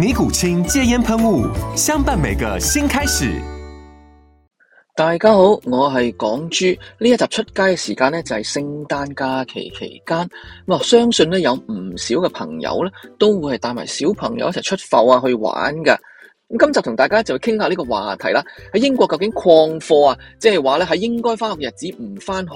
尼古清戒煙噴霧，相伴每個新開始。大家好，我係港豬呢一集出街嘅時間咧，就係聖誕假期期間咁啊。我相信咧有唔少嘅朋友咧都會係帶埋小朋友一齊出埠啊去玩噶。咁今集同大家就傾下呢個話題啦。喺英國究竟曠課啊，即係話咧喺應該返學日子唔返學，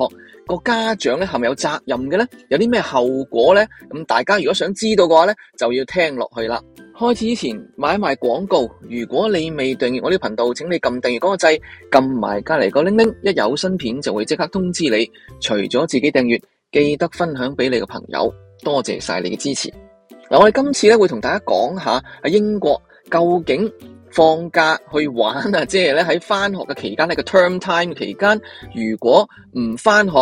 個家長咧係咪有責任嘅咧？有啲咩後果咧？咁大家如果想知道嘅話咧，就要聽落去啦。開始之前，買賣廣告。如果你未訂閱我啲頻道，請你撳訂閱嗰個掣，撳埋隔籬個鈴鈴，一有新片就會即刻通知你。除咗自己訂閱，記得分享俾你嘅朋友。多謝晒你嘅支持。嗱、嗯，我哋今次咧會同大家講下英國究竟放假去玩啊，即係咧喺返學嘅期間呢個 term time 期間，如果唔返學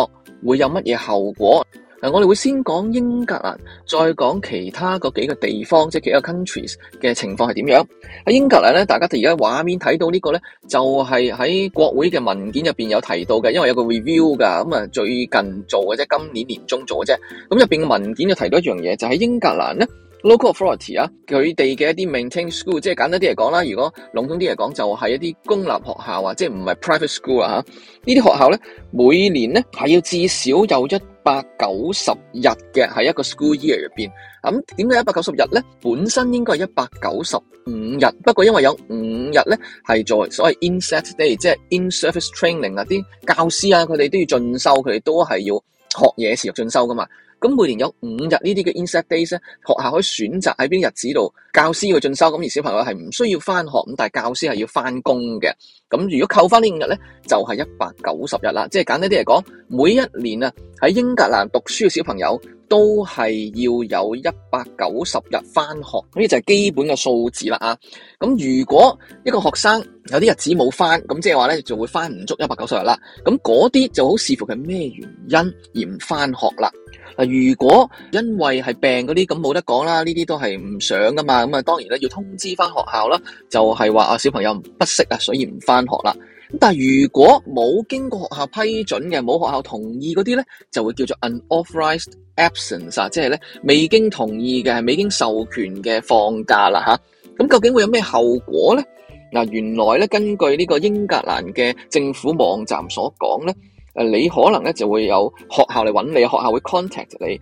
會有乜嘢後果？嗱，我哋會先講英格蘭，再講其他嗰幾個地方，即係幾個 countries 嘅情況係點樣。喺英格蘭咧，大家而家畫面睇到呢，呢個咧，就係、是、喺國會嘅文件入邊有提到嘅，因為有個 review 噶，咁啊最近做嘅啫，今年年中做嘅啫。咁入邊嘅文件就提到一樣嘢，就喺、是、英格蘭咧，local authority 啊，佢哋嘅一啲 maintain school，即係簡單啲嚟講啦，如果籠統啲嚟講，就係、是、一啲公立學校啊，即係唔係 private school 啊吓，呢啲學校咧，每年咧係要至少有一。百九十日嘅，喺一個 school year 入邊，咁點解一百九十日呢？本身應該係一百九十五日，不過因為有五日呢，係在所謂 inset day，即係 in-service training 啊，啲教師啊佢哋都要進修，佢哋都係要。學嘢，持續進修㗎嘛。咁每年有五日呢啲嘅 Inset Days 呢，學校可以選擇喺邊日子度，教師去進修，咁而小朋友係唔需要翻學，但係教師係要翻工嘅。咁如果扣返呢五日呢，就係一百九十日啦。即係簡單啲嚟講，每一年啊喺英格蘭讀書嘅小朋友。都係要有一百九十日翻學，呢就係基本嘅數字啦啊。咁如果一個學生有啲日子冇翻，咁即係話咧就會翻唔足一百九十日啦。咁嗰啲就好視乎係咩原因而唔翻學啦。嗱，如果因為係病嗰啲，咁冇得講啦，呢啲都係唔想噶嘛。咁啊，當然咧要通知翻學校啦，就係話啊小朋友不適啊，所以唔翻學啦。但係如果冇經過學校批准嘅，冇學校同意嗰啲咧，就會叫做 unauthorized absence 啊，即係咧未經同意嘅、未經授權嘅放假啦吓。咁究竟會有咩後果咧？嗱，原來咧根據呢個英格蘭嘅政府網站所講咧，誒，你可能咧就會有學校嚟揾你，學校會 contact 你。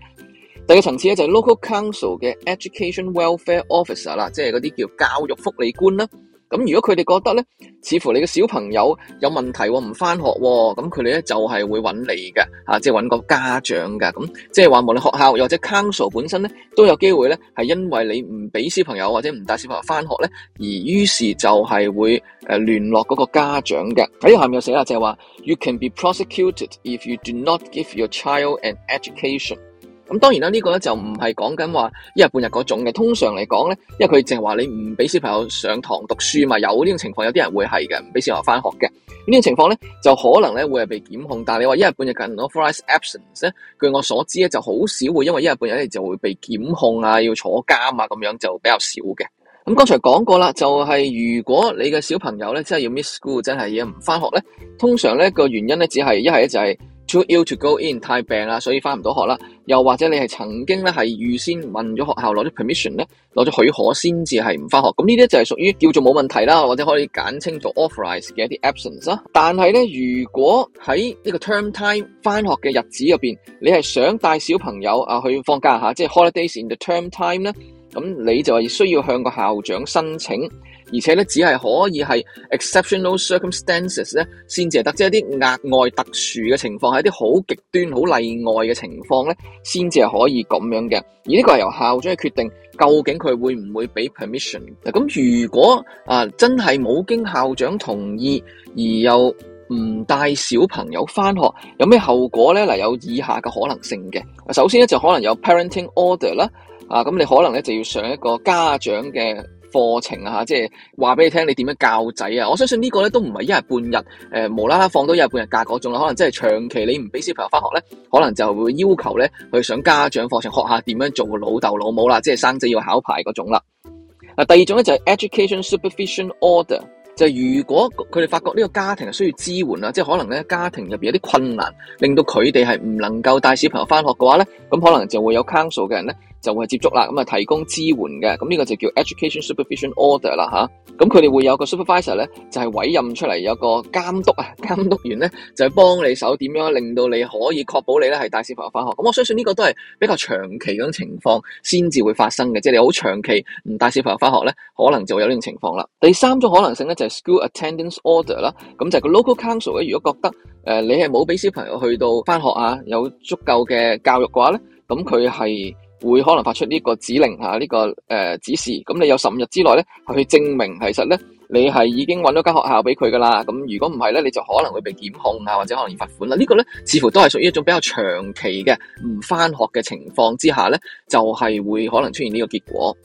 第二個層次咧就係 local council 嘅 education welfare officer 啦，即係嗰啲叫教育福利官啦。咁如果佢哋覺得咧，似乎你個小朋友有問題唔翻學，咁佢哋咧就係會搵你嘅，啊，即係搵個家長㗎。咁、啊，即係話無論學校又或者 council 本身咧都有機會咧係因為你唔俾小朋友或者唔帶小朋友翻學咧，而於是就係會誒聯絡嗰個家長嘅。喺下面又寫啦，就係話 you can be prosecuted if you do not give your child an education。咁當然啦，呢個咧就唔係講緊話一日半日嗰種嘅。通常嚟講咧，因為佢淨係話你唔俾小朋友上堂讀書嘛，有呢種情況，有啲人會係嘅，唔俾小朋友翻學嘅呢種情況咧，就可能咧會係被檢控。但係你話一日半日咁多 frize absence 咧，據我所知咧，就好少會因為一日半日你就會被檢控啊，要坐監啊咁樣就比較少嘅。咁剛才講過啦，就係如果你嘅小朋友咧真係要 miss school，真係唔翻學咧，通常咧個原因咧只係一係咧就係 too ill to go in，太病啦，所以翻唔到學啦。又或者你係曾經咧係預先問咗學校攞咗 permission 咧，攞咗許可先至係唔翻學，咁呢啲就係屬於叫做冇問題啦，或者可以簡稱做 authorized 嘅一啲 absence 啦。但係咧，如果喺呢個 term time 翻學嘅日子入邊，你係想帶小朋友啊去放假吓，即係 holidays in the term time 咧，咁你就係需要向個校長申請。而且咧，只係可以係 exceptional circumstances 咧先至係得，即係一啲額外特殊嘅情況，係一啲好極端、好例外嘅情況咧，先至係可以咁樣嘅。而呢個係由校長去決定，究竟佢會唔會俾 permission？咁如果啊真係冇經校長同意，而又唔帶小朋友返學，有咩後果咧？嗱、啊，有以下嘅可能性嘅。首先咧就可能有 parenting order 啦、啊，啊咁你可能咧就要上一個家長嘅。課程啊，即係話俾你聽，你點樣教仔啊？我相信呢個咧都唔係一日半日，誒無啦啦放到一日半日假嗰種啦，可能即係長期你唔俾小朋友翻學咧，可能就會要求咧去上家長課程，學下點樣做老豆老母啦，即係生仔要考牌嗰種啦。嗱，第二種咧就係 education supervision order，就係如果佢哋發覺呢個家庭係需要支援啦，即係可能咧家庭入邊有啲困難，令到佢哋係唔能夠帶小朋友翻學嘅話咧，咁可能就會有 counsel 嘅人咧。就會接觸啦，咁啊提供支援嘅，咁呢個就叫 education supervision order 啦吓。咁佢哋會有個 supervisor 咧，就係委任出嚟有個監督啊，監督員咧就係幫你手點樣令到你可以確保你咧係帶小朋友翻學。咁我相信呢個都係比較長期嗰種情況先至會發生嘅，即係你好長期唔帶小朋友翻學咧，可能就會有呢種情況啦。第三種可能性咧就係 school attendance order 啦，咁就係個 local council 咧，如果覺得誒你係冇俾小朋友去到翻學啊，有足夠嘅教育嘅話咧，咁佢係，會可能發出呢個指令嚇，呢、這個誒、呃、指示，咁你有十五日之內咧，係去證明其實咧，你係已經揾咗間學校俾佢噶啦。咁如果唔係咧，你就可能會被檢控啊，或者可能罰款啦。這個、呢個咧似乎都係屬於一種比較長期嘅唔返學嘅情況之下咧，就係、是、會可能出現呢個結果。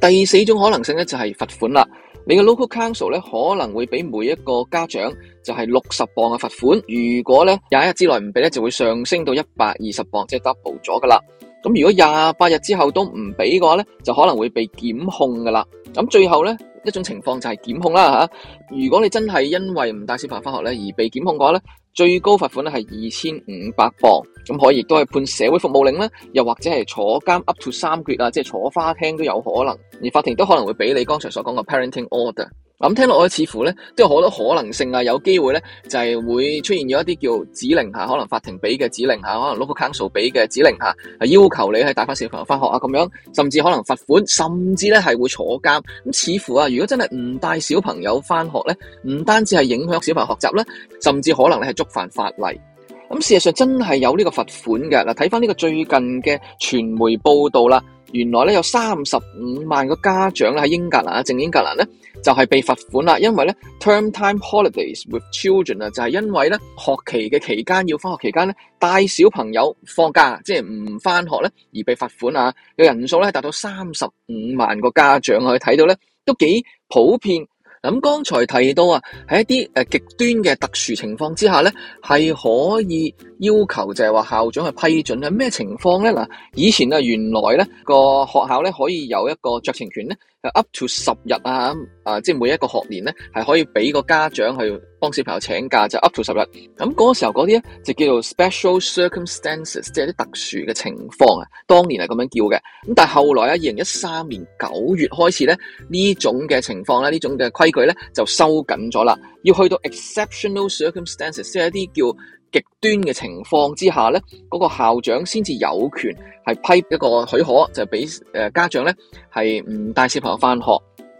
第四種可能性咧就係、是、罰款啦。你個 Local Council 咧可能會俾每一個家長就係六十磅嘅罰款，如果咧廿一日之內唔俾咧，就會上升到一百二十磅，即、就、係、是、double 咗噶啦。咁如果廿八日之後都唔俾嘅話呢，就可能會被檢控㗎啦。咁最後呢，一種情況就係檢控啦。如果你真係因為唔帶小朋友返學呢而被檢控嘅話呢，最高罰款咧係二千五百鎊，咁可以亦都係判社會服務令呢，又或者係坐監 up to 三個月啊，即係坐花廳都有可能。而法庭都可能會俾你剛才所講嘅 parenting order。咁聽落去，似乎咧，都有好多可能性啊！有機會咧，就係會出現咗一啲叫指令下，可能法庭俾嘅指令下，可能 local council 俾嘅指令下，要求你去帶翻小朋友翻學啊咁樣，甚至可能罰款，甚至咧係會坐監。咁似乎啊，如果真係唔帶小朋友翻學咧，唔單止係影響小朋友學習咧，甚至可能係係觸犯法例。咁事實上真係有呢個罰款嘅嗱，睇翻呢個最近嘅傳媒報導啦。原來咧有三十五萬個家長咧喺英格蘭啊，正英格蘭咧就係被罰款啦，因為咧 term time holidays with children 啊，就係因為咧學期嘅期間要返學期間咧帶小朋友放假，即係唔返學咧而被罰款啊，嘅人數咧達到三十五萬個家長，可以睇到咧都幾普遍。咁剛才提到啊，喺一啲極端嘅特殊情況之下呢，係可以要求就係話校長去批准，係咩情況呢？嗱，以前啊原來呢個學校呢，可以有一個酌情權呢。up to 十日啊，啊即係每一個學年咧係可以俾個家長去幫小朋友請假就是、up to 十日，咁嗰時候嗰啲咧就叫做 special circumstances，即係啲特殊嘅情況啊，當年係咁樣叫嘅，咁但係後來啊，二零一三年九月開始咧呢種嘅情況咧呢種嘅規矩咧就收緊咗啦，要去到 exceptional circumstances，即係一啲叫。極端嘅情況之下咧，嗰、那個校長先至有權係批一個許可，就俾誒家長咧係唔帶小朋友翻學。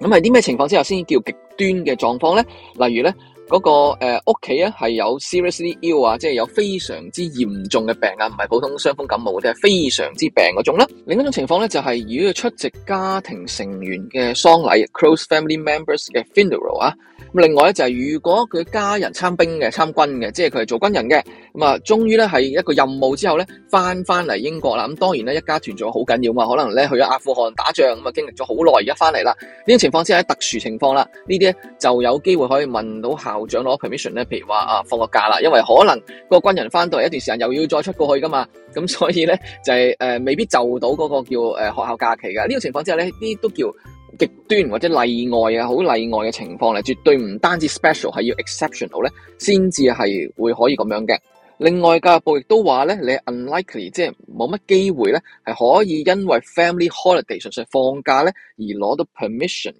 咁係啲咩情況之後先叫極端嘅狀況咧？例如咧嗰、那個誒屋企啊係有 seriously ill 啊，即係有非常之嚴重嘅病啊，唔係普通傷風感冒，即係非常之病嗰種啦。另一種情況咧就係、是、如果出席家庭成員嘅喪禮 （close family members 嘅 funeral） 啊。另外咧就係如果佢家人參兵嘅、參軍嘅，即係佢係做軍人嘅，咁啊，終於咧係一個任務之後咧，翻翻嚟英國啦。咁當然咧，一家團聚好緊要嘛。可能咧去咗阿富汗打仗，咁啊經歷咗好耐，而家翻嚟啦。呢種情況之下係特殊情況啦。呢啲咧就有機會可以問到校長攞 permission 咧，譬如話啊放個假啦，因為可能個軍人翻到嚟一段時間又要再出過去噶嘛。咁所以咧就係誒未必就到嗰個叫誒學校假期嘅呢種情況之下咧，呢啲都叫極端或者例外啊，好例外嘅情況咧，絕對唔單止 special，係要 exceptional 咧，先至係會可以咁樣嘅。另外教育部亦都話咧，你 unlikely 即係冇乜機會咧，係可以因為 family holiday 純粹放假咧而攞到 permission。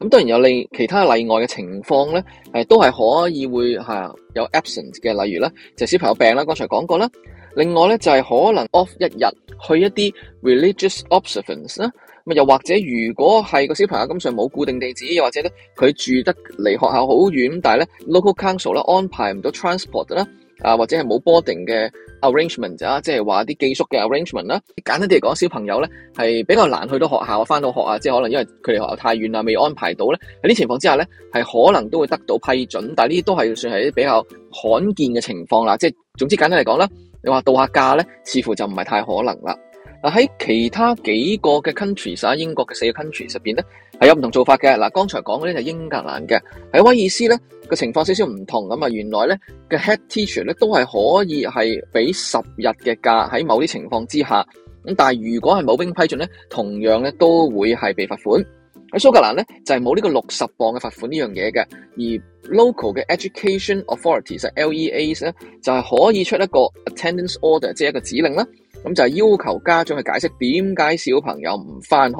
咁當然有另其他例外嘅情況咧，都係可以會有 absence 嘅，例如咧就是、小朋友病啦，剛才講過啦。另外咧就係可能 off 一日去一啲 religious observance 啊。又或者，如果係個小朋友根本上冇固定地址，又或者咧佢住得離學校好遠，但係咧 local council 咧安排唔到 transport 啦、啊，啊或者係冇 boarding 嘅 arrangement 啊，即係話啲寄宿嘅 arrangement 啦，簡單啲嚟講，小朋友咧係比較難去到學校返翻到學啊，即係可能因為佢哋學校太遠啦，未安排到咧，喺啲情況之下咧係可能都會得到批准，但係呢啲都係算係比較罕見嘅情況啦。即係總之簡單嚟講啦，你話度下假咧，似乎就唔係太可能啦。嗱喺其他幾個嘅 countries 英國嘅四個 countries 入面，咧，係有唔同做法嘅。嗱，剛才講嗰咧就係英格蘭嘅，喺威爾斯咧個情況少少唔同咁啊，原來咧嘅 head teacher 咧都係可以係俾十日嘅假喺某啲情況之下，咁但係如果係冇經批准咧，同樣咧都會係被罰款。喺蘇格蘭咧就係冇呢個六十磅嘅罰款呢樣嘢嘅，而 local 嘅 education authorities 即 LEAs 咧就係可以出一個 attendance order，即係一個指令啦。咁就係要求家長去解釋點解小朋友唔返學。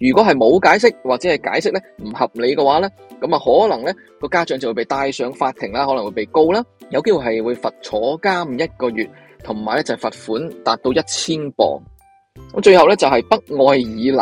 如果係冇解釋或者係解釋咧唔合理嘅話咧，咁啊可能咧個家長就會被帶上法庭啦，可能會被告啦，有機會係會罰坐監一個月，同埋咧就係罰款達到一千鎊。咁最後咧就係北愛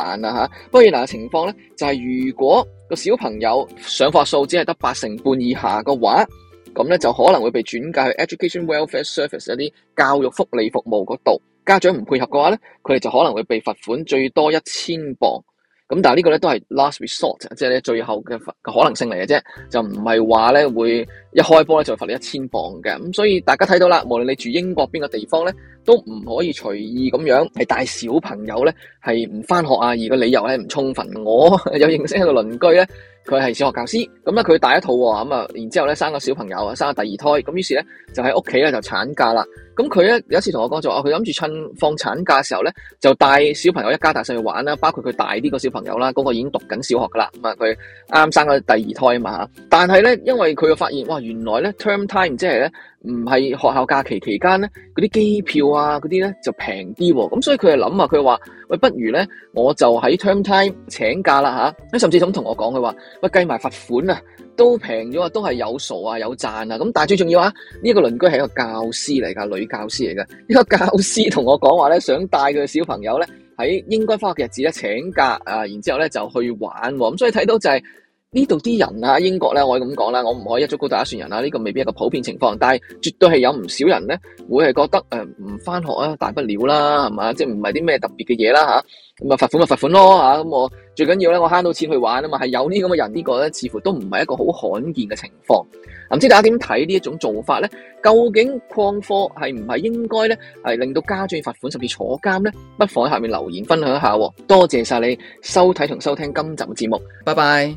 爾蘭啦吓。北愛爾蘭嘅情況咧就係如果個小朋友上課數只係得八成半以下嘅話，咁咧就可能會被轉介去 Education Welfare Service 一啲教育福利服務嗰度。家長唔配合嘅話咧，佢哋就可能會被罰款最多一千鎊。咁但係呢個咧都係 last resort，即係咧最後嘅可能性嚟嘅啫，就唔係話咧會一開波咧就罰你一千鎊嘅。咁所以大家睇到啦，無論你住英國邊個地方咧，都唔可以隨意咁樣帶小朋友咧係唔返學啊，而個理由咧唔充分。我有認識一個鄰居咧。佢係小學教師，咁咧佢大一套咁啊，然之後咧生個小朋友，生個第二胎，咁於是咧就喺屋企咧就產假啦。咁佢咧有一次同我講咗，啊佢諗住趁放產假嘅時候咧，就帶小朋友一家大細去玩啦，包括佢大啲個小朋友啦，嗰個已經讀緊小學噶啦，咁啊佢啱生個第二胎嘛吓，但係咧因為佢又發現，哇原來咧 term time 即係咧。唔係學校假期期間咧，嗰啲機票啊，嗰啲咧就平啲喎。咁所以佢係諗啊，佢話喂，不如咧我就喺 term time 請假啦吓，咁、啊、甚至咁同我講佢話喂，計埋罰款啊，都平咗啊，都係有數啊，有賺啊。咁但係最重要啊，呢、這個鄰居係一個教師嚟噶，女教師嚟㗎。呢個教師同我講話咧，想帶佢小朋友咧喺應該返學嘅日子咧請假啊，然之後咧就去玩喎，啊。咁所以睇到就係、是。呢度啲人啊，英國咧，我可以咁講啦。我唔可以一竹篙打一船人啊。呢、這個未必係一個普遍情況，但係絕對係有唔少人咧，會係覺得誒唔返學啊，大不了啦，係嘛？即係唔係啲咩特別嘅嘢啦吓，咁啊？罰款咪罰款咯吓，咁、啊、我最緊要咧，我慳到錢去玩啊嘛。係有呢咁嘅人呢、這個咧，似乎都唔係一個好罕見嘅情況。唔知大家點睇呢一種做法咧？究竟曠課係唔係應該咧？係令到家長要罰款，甚至坐監咧？不妨喺下面留言分享一下。多謝晒你收睇同收聽今集嘅節目，拜拜。